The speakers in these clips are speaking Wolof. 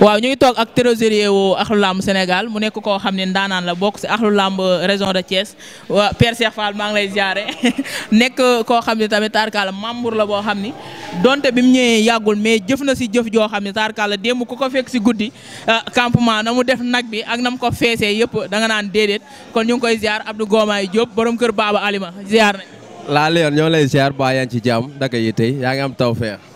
waaw ñu ngi toog ak trésorier wu Ahlou Lamb Sénégal mu nekk koo xam ne ndaanaan la bokk si Ahlou Lamb région de Thiès waa Père Cheikh Fall maa ngi lay ziare nekk koo xam ne tamit tarkaala membre la boo xam ni donte bi mu ñëwee yàggul mais jëf na si jëf joo xam ne tarkaala démb ku ko fekk si guddi ah, campement na mu def nag bi ak na mu ko feesee yëpp danga naan déedéet kon ñu ngi koy ziar Abdou Gomaay Diop borom kër Baba Alima ziar nañ. laa Léon ñoo lay ziar ba ci jàmm naka yi tey am tawfeex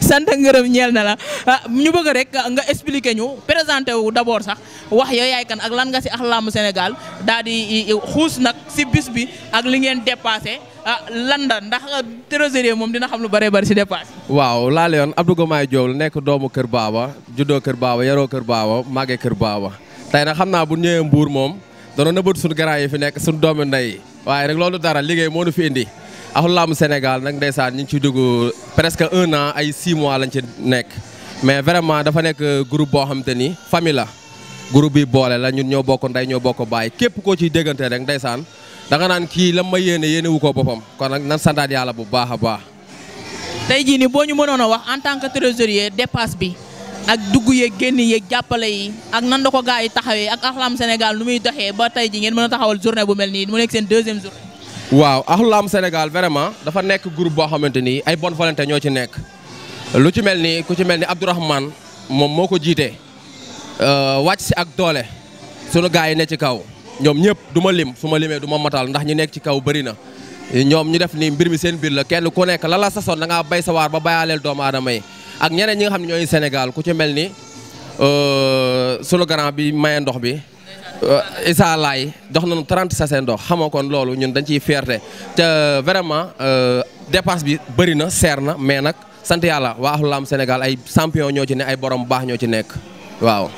sant ak ngërëm ñeel na la ah, ñu bëgg rek nga expliquer ñu présenté wu d'abord sax wax yow yaay kan ak lan nga si ak làmm Sénégal daal di xuus nag si bis bi ak li ngeen dépassé ah lan la ndax trésorier moom dina xam lu bare bëri si dépassé. waaw laale yoon Abdou Gomaay Diop la nekk doomu Kër Baaba juddoo Kër Baaba yaroo Kër Baaba màggee Kër Baaba tey na xam naa bu ñëwee Mbour moom danoon nëbët suñu garaan yi fi nekk suñu doomu ndey waaye rek loolu dara liggéey moo nu fi indi axu laamu Sénégal nag ndeysaan ñu ngi ci dugg presque un an ay six mois lañ ci nekk mais vraiment dafa nekk groupe boo xam te ni famille la groupe bi boole la ñun ñoo bokk ndey ñoo bokk baay képp koo ciy déggante rek ndeysaan da nga naan kii la ma yéene yéene wu ko boppam kon nag nan santaat yàlla bu baax a baax. tey jii nii boo ñu mënoon wax en tant que trésorier dépasse bi ak dugg yeeg génn yéeg jàppale yi ak nan la ko gaa yi taxawee ak axlaam Sénégal nu muy doxee ba tey ji ngeen mën a taxawal journée bu mel nii mu nekk seen deuxième waaw Ahlou Lamb Sénégal vraiment dafa nekk groupe boo xamante ni ay bonne volonté ñoo ci nekk lu ci mel ni ku ci mel ni Abdourahmane moom moo ko jiite euh, wàcc si ak toole sunu yi ne ci kaw ñoom ñëpp du ma lim su ma limee du ma mataal ndax ñi nekk ci kaw bëri na ñoom ñu def ni mbir mi seen biir la kenn ku nekk la la sasoon da ngaa bay sawaar ba bayaaleel doomu aadama yi ak ñeneen ñi nga xam ne ñooy senegal ku ci mel ni euh, sunu bi maye ndox bi Euh, Issa Laye jox nañu 30 sachet ndox xamoo kon loolu ñun dañ ciy fierté te vraiment euh, dépense bi bëri na seer na mais nag sant yàlla waa Ahlu Lamb Sénégal ay champion ñoo ci ne ay borom baax ñoo ci nekk waaw.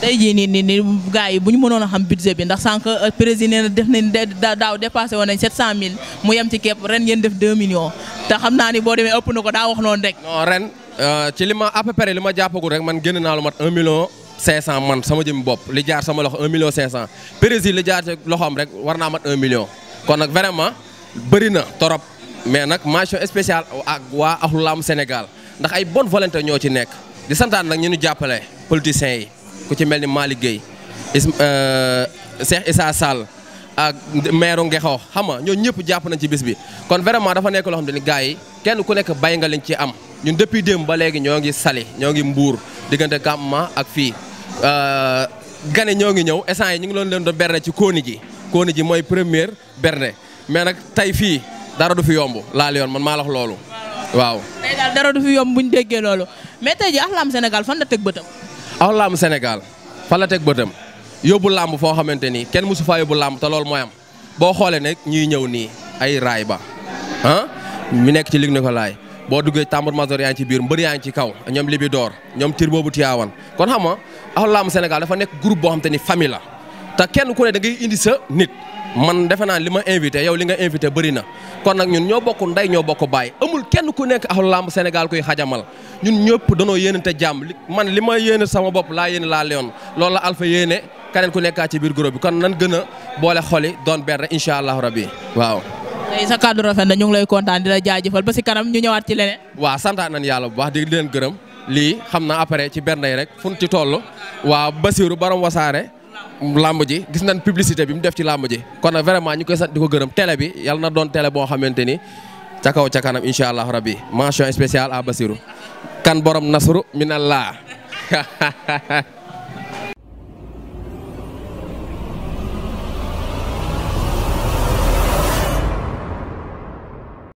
tey jii nii nii nii gars yi bu ñu mënoon a xam budget bi ndax sànq euh, président def nañ daaw dépassé woon nañ 700000 mu yem ci képp ren ngeen def 2 millions te xam naa ni boo demee ëpp na ko daa wax noonu rek. non ren ci li ma à peu ma jàppagul rek man génn mat 1 500 man sama jëm bopp li jaar sama loxo 1 million 500 Brésil li jaar ci loxoom rek war naa mat 1 million kon nag vraiment bëri na torop mais nag mention spéciale ak waa Ahlou Lamb Sénégal ndax ay bon volonté ñoo ci nekk di santaan nag ñu ñu jàppale politiciens yi ku ci mel ni Malick Gueye is euh, Cheikh Issa Sall ak maire Ngexo xam nga ñoo ñëpp jàpp nañ ci bis bi kon vraiment dafa nekk loo xam te ni gars yi kenn ku nekk bay nga liñ ci am ñun depuis démb ba léegi ñoo ngi sali ñoo ngi mbuur diggante campement ak fii Euh, gane ñoo ngi ñëw essence yi ñu ngi doon leen doon berne ci kóoni ji kóoni ji mooy première berne mais nag tey fii dara du fi yomb laal yoon man maa la loolu waaw. tey dara du fi yomb bu ñu déggee loolu mais tey ji ak laamu Sénégal fan la teg bëtam. ak laamu Sénégal fan la teg bëtam yóbbu làmb foo xamante ni kenn mësu faa yóbbu làmb ta loolu mooy boo xoolee nag ñuy ñëw nii ay raay ba ah mi nekk ci Ligue Nicolas boo duggee tambour major yaa ngi ci biir mbër yaa ngi ci kaw ñoom Libidor ñoom tir boobu tiyaawan kon xam nga Ahlu Lamb dafa nekk groupe boo xam te ni famille la te kenn ku ne da ngay indi sa nit man defe naa li ma invité yow li nga invité bëri na kon nag ñun ñoo bokku ndey ñoo bokk baay amul kenn ku nekk Ahlu Lamb Sénégal kuy xajamal ñun ñëpp danoo yéenante jàmm man li ma yéene sama bopp laa yéene laa leyoon loolu la Alpha yéene keneen ku nekkaa ci biir groupe bi kon nan gën a boole xoli doon benn incha allahu rabbi waaw tey sa kàddu rafet na ñu ngi lay kontaan di la jaajëfal ba si kanam ñu ñëwaat ci leneen. waaw santaan nañu yàlla bu baax di leen gërëm lii xam na après ci benn rek fu ci toll waaw Basiirou borom wasaare. lamb ji gis nañ publicité bi mu def ci lamb ji kon nag vraiment ñu koy sant di ko gërëm télé bi yàlla na doon télé boo xamante ni ca kaw ca kanam incha allah rabbi mention spéciale à Basiirou kan borom nasru minallah